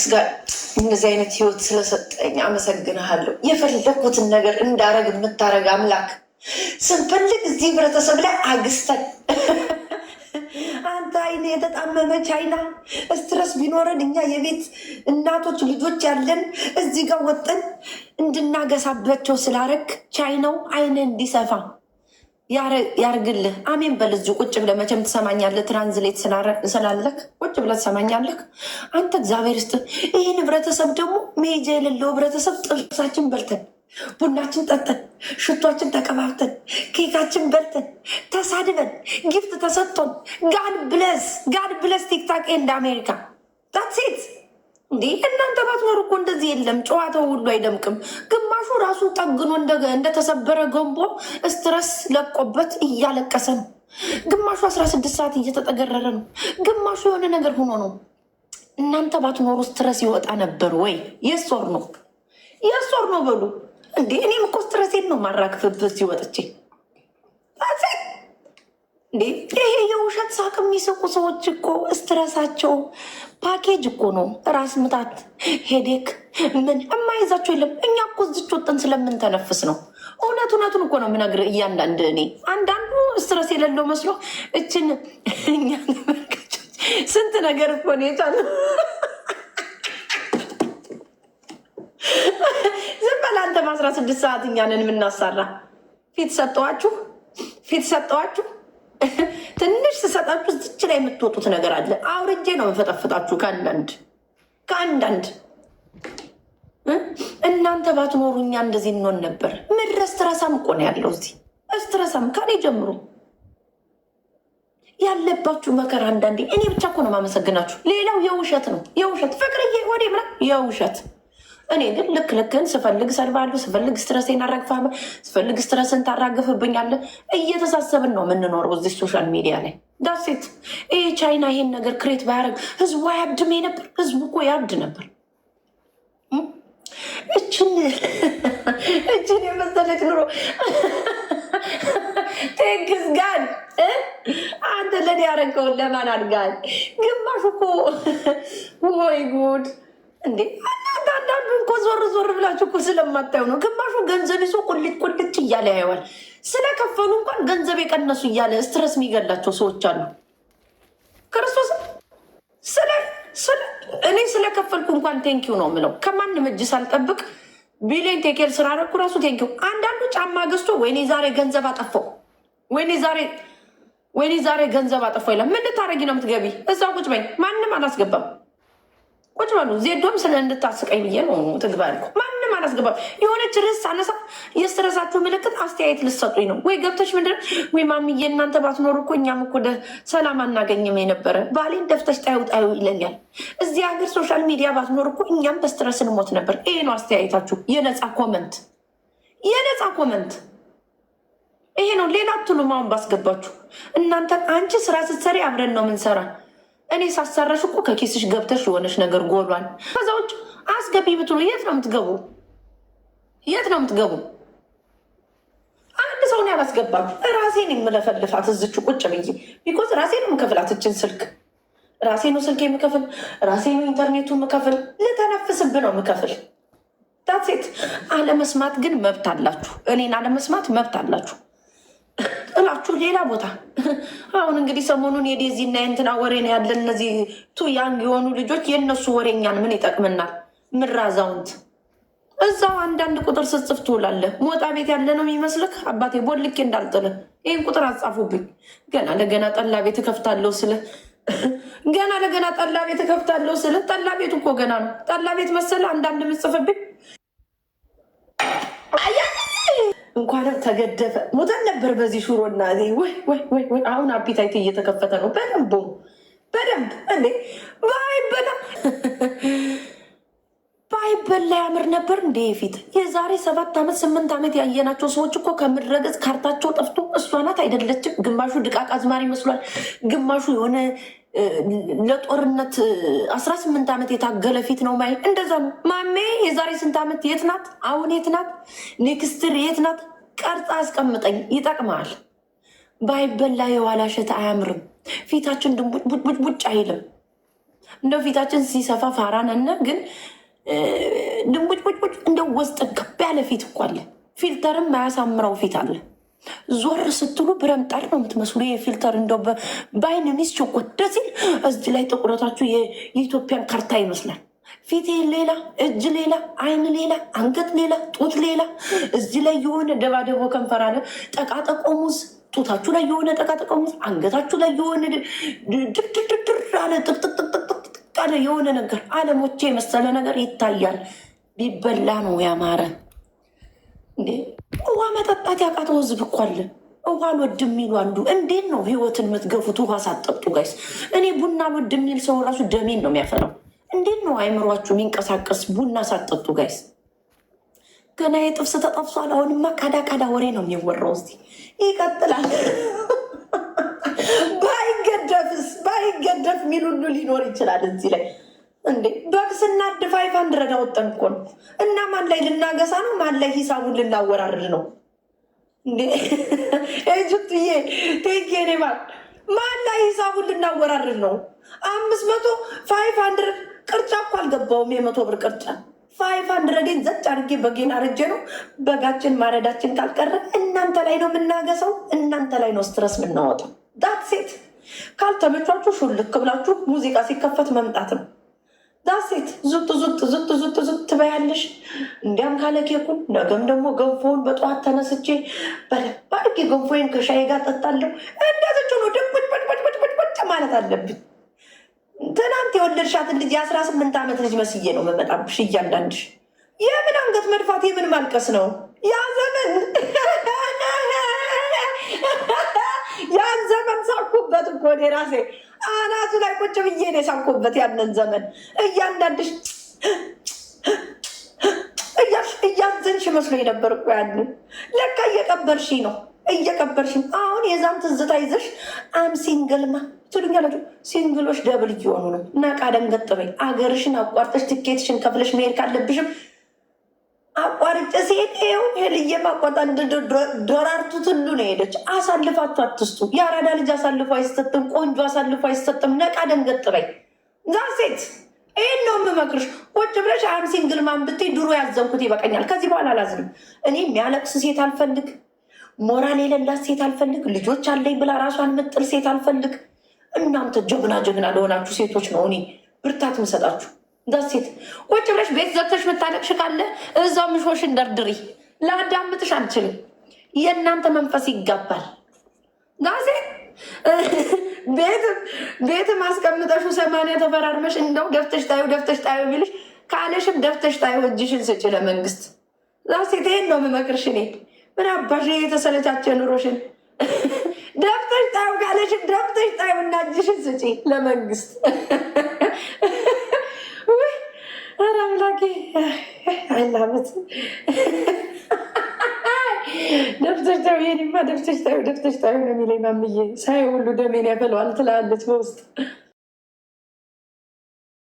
ከኤክስ ጋር እንደዚህ አይነት ህይወት ስለሰጠኝ አመሰግንሃለሁ። የፈለግኩትን ነገር እንዳረግ የምታረግ አምላክ ስንፈልግ እዚህ ህብረተሰብ ላይ አግስተን አንተ አይነ የተጣመመች አይና ስትረስ ቢኖረን እኛ የቤት እናቶች ልጆች ያለን እዚህ ጋር ወጠን እንድናገሳባቸው ስላረግ ቻይናው አይነ እንዲሰፋ ያርግልህ። አሜን በል። እዚሁ ቁጭ ብለህ መቼም ትሰማኛለህ። ትራንዝሌት ስላለክ ቁጭ ብለህ ትሰማኛለህ። አንተ እግዚአብሔር ስጥ ይህን ህብረተሰብ ደግሞ መሄጃ የሌለው ህብረተሰብ ጥብሳችን በልተን ቡናችን ጠጠን ሽቷችን ተቀባብተን ኬካችን በልተን ተሳድበን ጊፍት ተሰጥቶን ጋድ ብለስ ጋድ ብለስ ቲክታክ እንደ አሜሪካ ታትሴት እንዲህ እናንተ ባትኖር እኮ እንደዚህ የለም፣ ጨዋታው ሁሉ አይደምቅም። ራሱ ጠግኖ እንደተሰበረ ገንቦ ስትረስ ለቆበት እያለቀሰ ነው። ግማሹ አስራ ስድስት ሰዓት እየተጠገረረ ነው። ግማሹ የሆነ ነገር ሆኖ ነው። እናንተ ባትኖሩ ስትረስ ይወጣ ነበር ወይ? የሶር ነው የሶር ነው በሉ እንዴ! እኔም እኮ ስትረሴን ነው ማራክፍብት ሲወጥቼ የውሸት ሳቅ የሚስቁ ሰዎች እኮ ስትረሳቸው ፓኬጅ እኮ ነው። ራስ ምታት፣ ሄዴክ ምን የማይዛቸው የለም። እኛ እኮ ዝች ወጥን ስለምንተነፍስ ነው። እውነት እውነቱን እኮ ነው የምነግርህ። እያንዳንድ እኔ አንዳንዱ ስትረስ የሌለው መስሎ እችን እኛ ተመልካቾች ስንት ነገር እኮ ነው የቻለ ዝም በል አንተ በአስራ ስድስት ሰዓት እኛንን የምናሰራ ፊት ሰጠዋችሁ፣ ፊት ሰጠዋችሁ ትንሽ ስሰጣችሁ ዝች ላይ የምትወጡት ነገር አለ። አውርጄ ነው የምፈጠፍጣችሁ። ከአንዳንድ ከአንዳንድ እናንተ ባትኖሩ እኛ እንደዚህ እንሆን ነበር። ምድረ ስትረሳም እኮ ነው ያለው እዚህ እስትረሳም ከኔ ጀምሮ ያለባችሁ መከራ አንዳንዴ እኔ ብቻ እኮ ነው የማመሰግናችሁ። ሌላው የውሸት ነው የውሸት ፍቅርዬ ወደ ምናምን የውሸት እኔ ግን ልክ ልክን ስፈልግ ሰድባለሁ፣ ስፈልግ ስትረስ ናረግፋ፣ ስፈልግ ስትረስን ታራግፍብኛለ። እየተሳሰብን ነው የምንኖረው እዚህ ሶሻል ሚዲያ ላይ ዳሴት። ይሄ ቻይና ይህን ነገር ክሬት ባያደርግ ህዝቡ አያብድም ነበር? ህዝቡ እኮ ያብድ ነበር። እችን እችን የመሰለች ኑሮ ቴንክስ ጋድ አንተ ለኔ ያደረገውን ለማን አድጋል? ግማሽ እኮ ወይ ጉድ እንዴ አንዳንዱ እኮ ዞር ዞር ብላችሁ እኮ ስለማታዩ ነው። ግማሹ ገንዘብ ይዞ ቁልጭ ቁልጭ እያለ ያየዋል። ስለከፈሉ እንኳን ገንዘብ የቀነሱ እያለ ስትረስ የሚገላቸው ሰዎች አሉ። ክርስቶስ እኔ ስለከፈልኩ እንኳን ቴንኪው ነው የምለው። ከማንም እጅ ሳልጠብቅ ቢሊዮን ቴኬር ስራ ራሱ ቴንኪው። አንዳንዱ ጫማ ገዝቶ ወይኔ ዛሬ ገንዘብ አጠፋው፣ ወይኔ ዛሬ ወይኔ ዛሬ ገንዘብ አጠፋው ይላል። ምን ልታረጊ ነው የምትገቢ? እዛ ቁጭ በይ፣ ማንም አላስገባም። ቁጭ በሉ። ዜዶም ስለ እንድታስቀኝ ብዬ ነው ትግባ ማንም አላስገባም። የሆነች ርዕስ አነሳ የስረሳችሁ ምልክት አስተያየት ልሰጡኝ ነው ወይ ገብተሽ ምንድን ወይ ማምዬ፣ እናንተ ባትኖሩ እኮ እኛም እኮ ሰላም አናገኝም የነበረ ባሌን ደፍተሽ ጣዩ ጣዩ ይለኛል። እዚህ ሀገር ሶሻል ሚዲያ ባትኖር እኮ እኛም በስትረስ እንሞት ነበር። ይሄ ነው አስተያየታችሁ። የነፃ ኮመንት የነፃ ኮመንት ይሄ ነው። ሌላ ትሉ አሁን ባስገባችሁ እናንተ አንቺ ስራ ስትሰሪ አብረን ነው ምንሰራ እኔ ሳሰረሽ እኮ ከኪስሽ ገብተሽ የሆነች ነገር ጎሏል። ከዛ ውጭ አስገቢ ብትሉ የት ነው የምትገቡ? የት ነው የምትገቡ? አንድ ሰውን ያላስገባም ራሴን የምለፈልፋት እዝች ቁጭ ብዬ ቢኮዝ ራሴን የምከፍላትችን ስልክ ነው ስልክ የምከፍል ነው ኢንተርኔቱ የምከፍል ልተነፍስብ ነው የምከፍል። ዳሴት አለመስማት ግን መብት አላችሁ። እኔን አለመስማት መብት አላችሁ። ጥላችሁ ሌላ ቦታ። አሁን እንግዲህ ሰሞኑን የዴዚና የእንትና ወሬ ነው ያለ። እነዚህ ቱ ያንግ የሆኑ ልጆች የእነሱ ወሬኛን ምን ይጠቅምናል? ምራዛውንት እዛው አንዳንድ ቁጥር ስጽፍ ትውላለህ። ሞጣ ቤት ያለ ነው የሚመስልህ? አባቴ ቦልኬ እንዳልጥልህ ይህን ቁጥር አጻፉብኝ። ገና ለገና ጠላ ቤት እከፍታለሁ ስለ ገና ለገና ጠላ ቤት እከፍታለሁ ስለ ጠላ ቤቱ እኮ ገና ነው። ጠላ ቤት መሰለ አንዳንድ ምጽፍብኝ እንኳንም ተገደፈ ሞተን ነበር። በዚህ ሹሮና አሁን አፒታይት እየተከፈተ ነው። በደንብ በደንብ እንዴ ባይበላ ባይበላ ያምር ነበር እንዲ የፊት የዛሬ ሰባት ዓመት ስምንት ዓመት ያየናቸው ሰዎች እኮ ከምድረገጽ ካርታቸው ጠፍቶ እሷ ናት አይደለችም። ግማሹ ድቃቅ አዝማሪ ይመስሏል፣ ግማሹ የሆነ ለጦርነት አስራ ስምንት ዓመት የታገለ ፊት ነው ማየት። እንደዛ ነው ማሜ። የዛሬ ስንት ዓመት የት ናት? አሁን የት ናት? ኔክስትር የት ናት? ቀርጻ አስቀምጠኝ። ይጠቅማል። ባይበላ የዋላ ሸት አያምርም። ፊታችን ድንቡጭ አይልም። እንደው ፊታችን ሲሰፋ ፋራነነ ግን ድንቡጭ እንደ ወስጥ ገብ ያለ ፊት እኮ አለ። ፊልተርም አያሳምረው ፊት አለ። ዞር ስትሉ በረምጣር ነው የምትመስሉ። የፊልተር እንደው በአይን ሚስ ቸቆደ ሲል እዚህ ላይ ጥቁረታችሁ የኢትዮጵያን ካርታ ይመስላል። ፊት ሌላ፣ እጅ ሌላ፣ አይን ሌላ፣ አንገት ሌላ፣ ጡት ሌላ። እዚህ ላይ የሆነ ደባደቦ ከንፈር አለ፣ ጡታችሁ ላይ የሆነ ጠቃጠቆሙዝ፣ አንገታችሁ ላይ የሆነ ድርድርድር አለ፣ ጥቅጥቅጥቅጥቅ አለ፣ የሆነ ነገር አለሞቼ የመሰለ ነገር ይታያል። ቢበላ ነው ያማረ። ህይወት ያቃተው ህዝብ እኮ አለ። ውሃ አልወድም የሚሉ አንዱ እንዴት ነው ህይወትን የምትገፉት? ውሃ ሳጠጡ ጋይስ። እኔ ቡና አልወድም የሚል ሰው ራሱ ደሜን ነው የሚያፈራው። እንዴት ነው አይምሯችሁ የሚንቀሳቀስ ቡና ሳጠጡ ጋይስ? ገና የጥብስ ተጠብሷል። አሁንማ ካዳ ካዳ ወሬ ነው የሚወራው። እዚህ ይቀጥላል። ባይገደፍስ ባይገደፍ የሚል ሁሉ ሊኖር ይችላል እዚህ ላይ እንዴ በግ ስናድፍ ፋይቭ ነው። እና ማን ላይ ልናገሳ ነው? ማን ላይ ሂሳቡን ልናወራርድ ነው? ጅትዬ ቴንኬኔ ማር ማና ሂሳቡን ልናወራርድ ነው። አምስት መቶ ፋይቭ ሀንድረድ ቅርጫ እኮ አልገባውም። የመቶ ብር ቅርጫ ፋይቭ ሀንድረዴን ዘጭ አድርጌ በጌን አርጄ ነው። በጋችን ማረዳችን ካልቀረ እናንተ ላይ ነው የምናገሰው፣ እናንተ ላይ ነው ስትረስ የምናወጣው። ዳት ሴት ካልተመቻችሁ ሹልክ ብላችሁ ሙዚቃ ሲከፈት መምጣት ነው። ዳሴት ዙጥ ዙጥ ዙጥ ዙጥ ዙጥ ትበያለሽ። እንዲያም ካለ ኬኩን ነገም ደግሞ ገንፎውን በጠዋት ተነስቼ በደንብ አድርጌ ገንፎዬን ከሻይ ጋር ጠጣለሁ። እንደዘች ሆኖ ማለት አለብኝ። ትናንት የወለድሻትን ልጅ የአስራ ስምንት ዓመት ልጅ መስዬ ነው መመጣብሽ። እያንዳንድሽ የምን አንገት መድፋት የምን ማልቀስ ነው? ያ ዘመን ያን ዘመን ሳኩበት እኮ እኔ ራሴ አናቱ ላይ ቁጭ ብዬ ነው የሳምኩበት ያንን ዘመን እያንዳንድሽ እያዘንሽ መስሎኝ ነበር እኮ ያን ለካ እየቀበርሽ ነው እየቀበርሽ አሁን የዛም ትዝታ ይዘሽ አም ሲንግልማ ትሉኛላችሁ ሲንግሎች ደብል እየሆኑ ነው ነቃ ደንገጥ በይ አገርሽን አቋርጠሽ ትኬትሽን ከፍለሽ መሄድ ካለብሽም አቋርጬ ሲሄድ ይኸው ሄልዬ ማቋጣ ዶራርቱት ሁሉ ነው ሄደች። አሳልፋችሁ አትስጡ። የአራዳ ልጅ አሳልፎ አይሰጥም። ቆንጆ አሳልፎ አይሰጥም። ነቃ ደንገጥ በይ ዛሴት። ይህን ነው የምመክርሽ። ቁጭ ብለሽ አም ሲንግል ማን ብትይ ድሮ ያዘንኩት ይበቀኛል። ከዚህ በኋላ አላዝንም። እኔ የሚያለቅስ ሴት አልፈልግ፣ ሞራል የሌላት ሴት አልፈልግ፣ ልጆች አለኝ ብላ ራሷን ምጥል ሴት አልፈልግ። እናንተ ጀግና ጀግና ለሆናችሁ ሴቶች ነው እኔ ብርታት ምሰጣችሁ። ደሴት ቁጭ ብለሽ ቤት ዘግተሽ የምታለቅሽ ካለ እዛው ምሾሽን ደርድሪ። ላዳምጥሽ አልችልም። የእናንተ መንፈስ ይጋባል። ጋዜ ቤት ማስቀምጠሹ ሰማንያ ተፈራርመሽ እንደው ደፍተሽ ጣዩ ደፍተሽ ጣዩ ቢልሽ ካለሽም ደፍተሽ ጣዩ እጅሽን ስጭ ለመንግስት። ዛሴት ይሄን ነው የምመክርሽ። እኔ ምን አባሽ የተሰለቻቸው ኑሮሽን ደፍተሽ ጣዩ ካለሽም ደፍተሽ ጣዩ እና እጅሽን ስጪ ለመንግስት። አላመት ደፍተሽ ተው የኔማ ደፍተሽ ተው ደፍተሽ ተው ነው የሚለኝ ማምዬ ሳይ ሁሉ ደሜን ያፈለዋል ትላለች በውስጥ